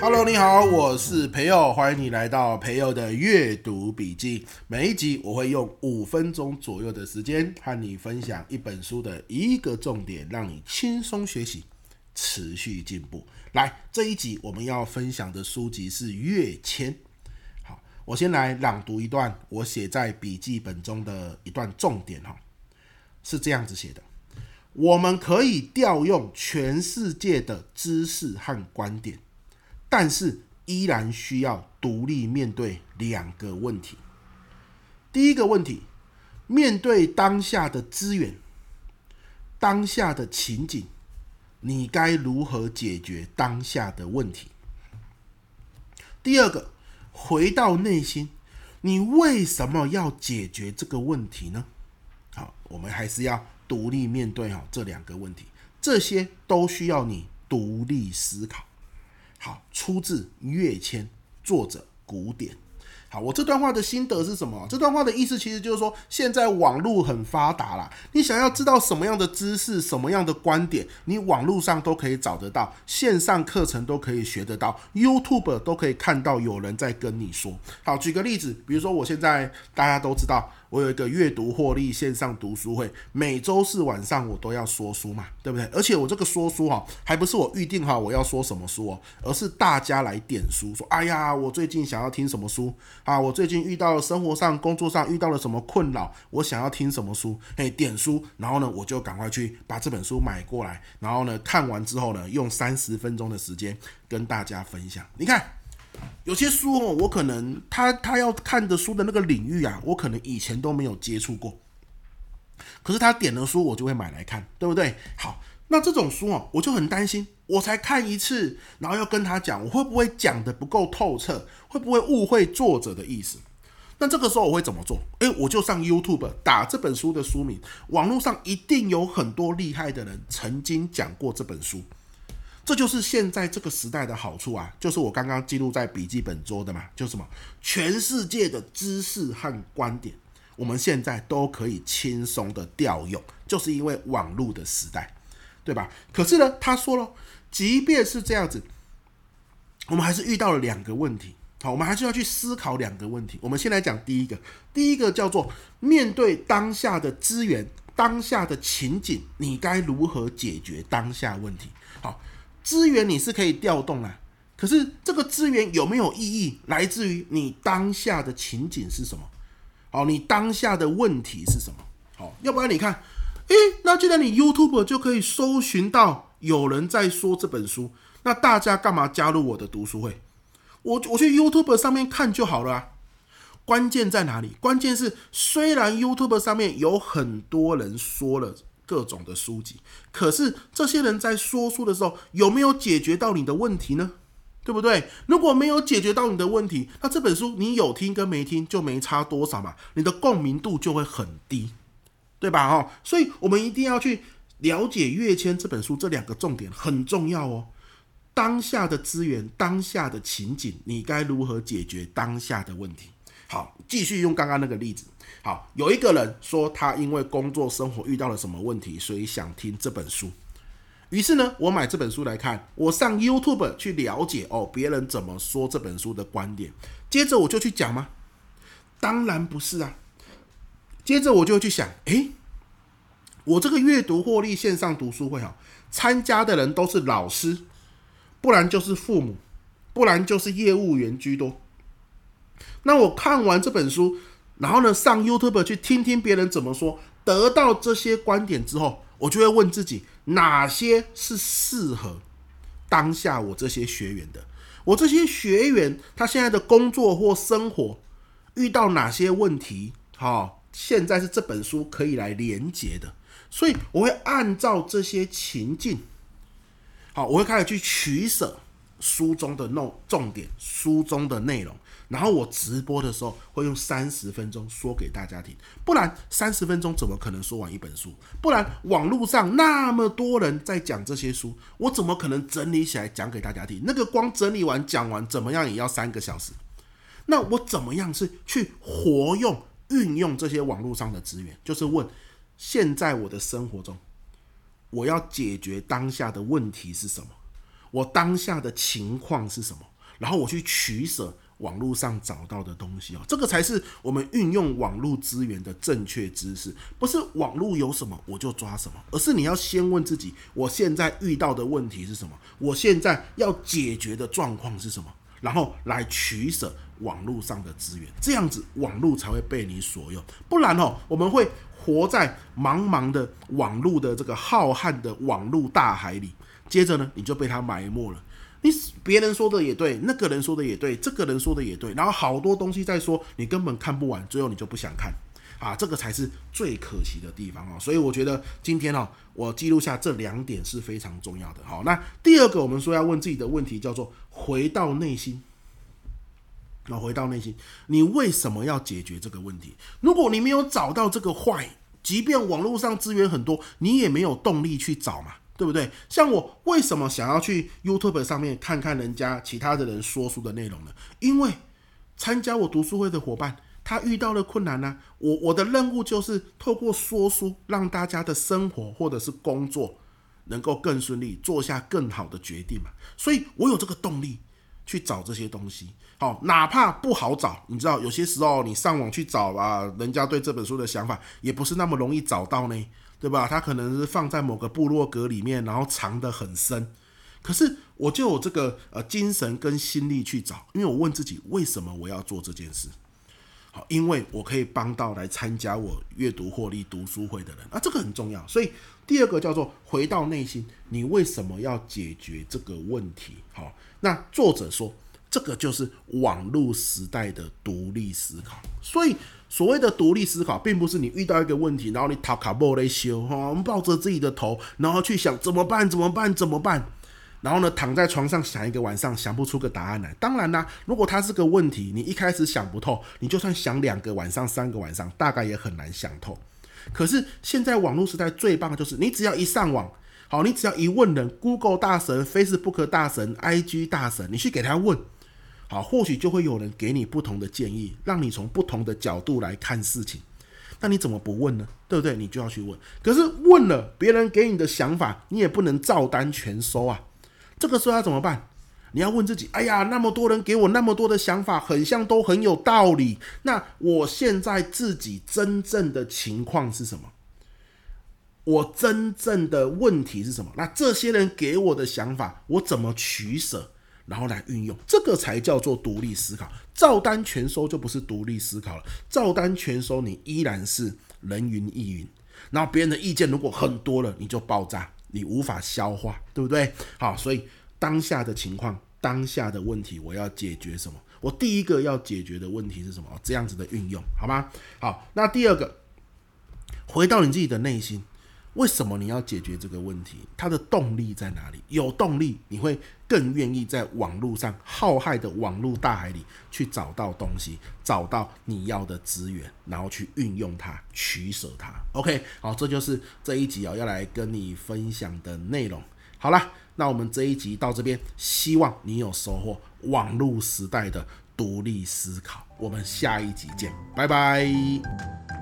Hello，你好，我是培祐，歡迎你來到培祐的閱讀筆記。每一集我會用五分鐘左右的時間和你分享一本書的一個重點，讓你輕鬆學習，持續進步。來，這一集我們要分享的書籍是《躍遷》。我先來朗讀一段我寫在筆記本中的一段重點哈，是這樣子寫的：我們可以調用全世界的知識和觀點，但是依然需要獨立面對兩個問題。第一個問題，面對當下的資源、當下的情景，你該如何解決當下的問題？第二個。回到內心，你為什麼要解決這個問題呢？好，我們還是要獨立面對好這兩個問題，這些都需要你獨立思考。好，出自《躍遷》，作者古典。好，我這段話的心得是什麼？這段話的意思其實就是說，現在網絡很發達啦，你想要知道什麼樣的知識、什麼樣的觀點，你網絡上都可以找得到，線上課程都可以學得到，YouTube 都可以看到有人在跟你說。好，舉個例子，比如說我現在大家都知道。我有一個閱讀獲利線上讀書會，每周四晚上我都要說書嘛，對不對？而且我這個說書哈、啊，還不是我預定哈，我要說什麼書、哦，而是大家來點書，說哎呀，我最近想要聽什麼書啊？我最近遇到了生活上、工作上遇到了什麼困擾，我想要聽什麼書？哎，點書，然後呢，我就趕快去把這本書買過來，然後呢，看完之後呢，用三十分鐘的時間跟大家分享。你看。有些書哦，我可能他他要看的書的那個領域啊，我可能以前都沒有接觸過。可是他點了書，我就會買來看，對不對？好，那這種書哦，我就很擔心，我才看一次，然後要跟他講，我會不會講得不夠透徹，會不會誤會作者的意思？那這個時候我會怎麼做？哎、欸，我就上 YouTube 打這本書的書名，網絡上一定有很多厲害的人曾經講過這本書。這就是現在這個時代的好處啊，就是我剛剛記錄在筆記本桌的嘛，就是什麼全世界的知識和觀點，我們現在都可以輕鬆的調用，就是因為網絡的時代，對吧？可是呢，他說了，即便是這樣子，我們還是遇到了兩個問題。好，我們還是要去思考兩個問題。我們先來講第一個，第一個叫做面對當下的資源、當下的情景，你該如何解決當下問題？好。資源你是可以調動啊。可是這個資源有沒有意義，來自於你當下的情景是什麼？好，你當下的問題是什麼？好，要不然你看，誒、欸，那既然你 YouTube 就可以搜尋到有人在說這本書，那大家幹嘛加入我的讀書會？我我去 YouTube 上面看就好了啊。關鍵在哪裡？關鍵是雖然 YouTube 上面有很多人說了。各種的書籍，可是這些人在說書的時候，有沒有解決到你的問題呢？對不對？如果沒有解決到你的問題，那這本書你有聽跟沒聽就沒差多少嘛，你的共鳴度就會很低，對吧？哦，所以我們一定要去了解《躍遷》這本書，這兩個重點很重要哦。當下的資源，當下的情景，你該如何解決當下的問題？好，繼續用剛剛那個例子。好，有一個人說他因為工作生活遇到了什麼問題，所以想聽這本書。於是呢，我買這本書來看，我上 YouTube 去了解哦，別人怎麼說這本書的觀點。接着我就去講嗎？當然不是啊。接着我就去想，誒，我這個閱讀獲利線上讀書會好，啊，參加的人都是老師，不然就是父母，不然就是業務員居多。那我看完這本書。然後呢，上 YouTube 去聽聽別人怎麼說，得到這些觀點之後，我就會問自己哪些是適合當下我這些學員的。我這些學員他現在的工作或生活遇到哪些問題？好、哦，現在是這本書可以來連接的，所以我會按照這些情境，好、哦，我會開始去取捨。書中的重點，書中的內容，然後我直播的時候會用三十分鐘說給大家聽，不然三十分鐘怎麼可能說完一本書？不然網絡上那麼多人在講這些書，我怎麼可能整理起來講給大家聽？那個光整理完講完，怎麼樣也要三個小時。那我怎麼樣是去活用、運用這些網絡上的資源？就是問：現在我的生活中，我要解決當下的問題是什麼？我當下的情況是什麼？然後我去取捨網絡上找到的東西哦，這個才是我們運用網絡資源的正確姿勢。不是網絡有什麼我就抓什麼，而是你要先問自己，我現在遇到的問題是什麼？我現在要解決的狀況是什麼？然後來取捨網絡上的資源，這樣子網絡才會被你所用。不然哦，我們會活在茫茫的網絡的這個浩瀚的網絡大海裡。接着呢，你就被他埋沒了。你別人說的也對，那個人說的也對，這個人說的也對，然後好多東西在說，你根本看不完，最後你就不想看啊！這個才是最可惜的地方啊。所以我覺得今天啊，我記錄下這兩點是非常重要的。好，那第二個我們說要問自己的問題叫做回到內心。那回到內心，你為什麼要解決這個問題？如果你沒有找到這個壞，即便網絡上資源很多，你也沒有動力去找嘛。對不對？像我為什麼想要去 YouTube 上面看看人家其他的人說書的內容呢？因為參加我讀書會的夥伴，他遇到了困難呢、啊。我我的任務就是透過說書，讓大家的生活或者是工作能夠更順利，做下更好的決定嘛。所以我有這個動力去找這些東西。好、哦，哪怕不好找，你知道，有些時候你上網去找啊，人家對這本書的想法也不是那麼容易找到呢。對吧？他可能是放在某個部落格裡面，然後藏得很深。可是我就有這個呃精神跟心力去找，因為我問自己為什麼我要做這件事？好，因為我可以幫到來參加我閱讀獲利讀書會的人，啊，這個很重要。所以第二個叫做回到內心，你為什麼要解決這個問題？好、哦，那作者說這個就是網路時代的獨立思考，所以。所謂的獨立思考，並不是你遇到一個問題，然後你頭殼抱咧燒，我們抱着自己的頭，然後去想怎麼辦，怎麼辦，怎麼辦，然後呢，躺在床上想一個晚上，想不出個答案來。當然啦、啊，如果它是個問題，你一開始想不透，你就算想兩個晚上、三個晚上，大概也很難想透。可是現在網絡時代最棒的就是，你只要一上網，好，你只要一問人，Google 大神、Facebook 大神、IG 大神，你去給他問。好，或許就會有人給你不同的建議，讓你從不同的角度來看事情。那你怎麼不問呢？對不對？你就要去問。可是問了別人給你的想法，你也不能照單全收啊。這個時候要怎麼辦？你要問自己：哎呀，那麼多人給我那麼多的想法，很像都很有道理。那我現在自己真正的情況是什麼？我真正的問題是什麼？那這些人給我的想法，我怎麼取捨？然後來運用，這個才叫做獨立思考，照單全收就不是獨立思考了。照單全收，你依然是人云亦云。然後別人的意見如果很多了，你就爆炸，你無法消化，對不對？好，所以當下的情況，當下的問題，我要解決什麼？我第一個要解決的問題是什麼？哦，這樣子的運用，好嗎？好，那第二個，回到你自己的內心。為什麼你要解決這個問題？它的動力在哪裡？有動力，你會更願意在網絡上浩瀚的網絡大海裡去找到東西，找到你要的資源，然後去運用它、取舍它。OK，好，這就是這一集啊，要來跟你分享的內容。好啦，那我們這一集到這邊，希望你有收穫。網絡時代的獨立思考，我們下一集見，拜拜。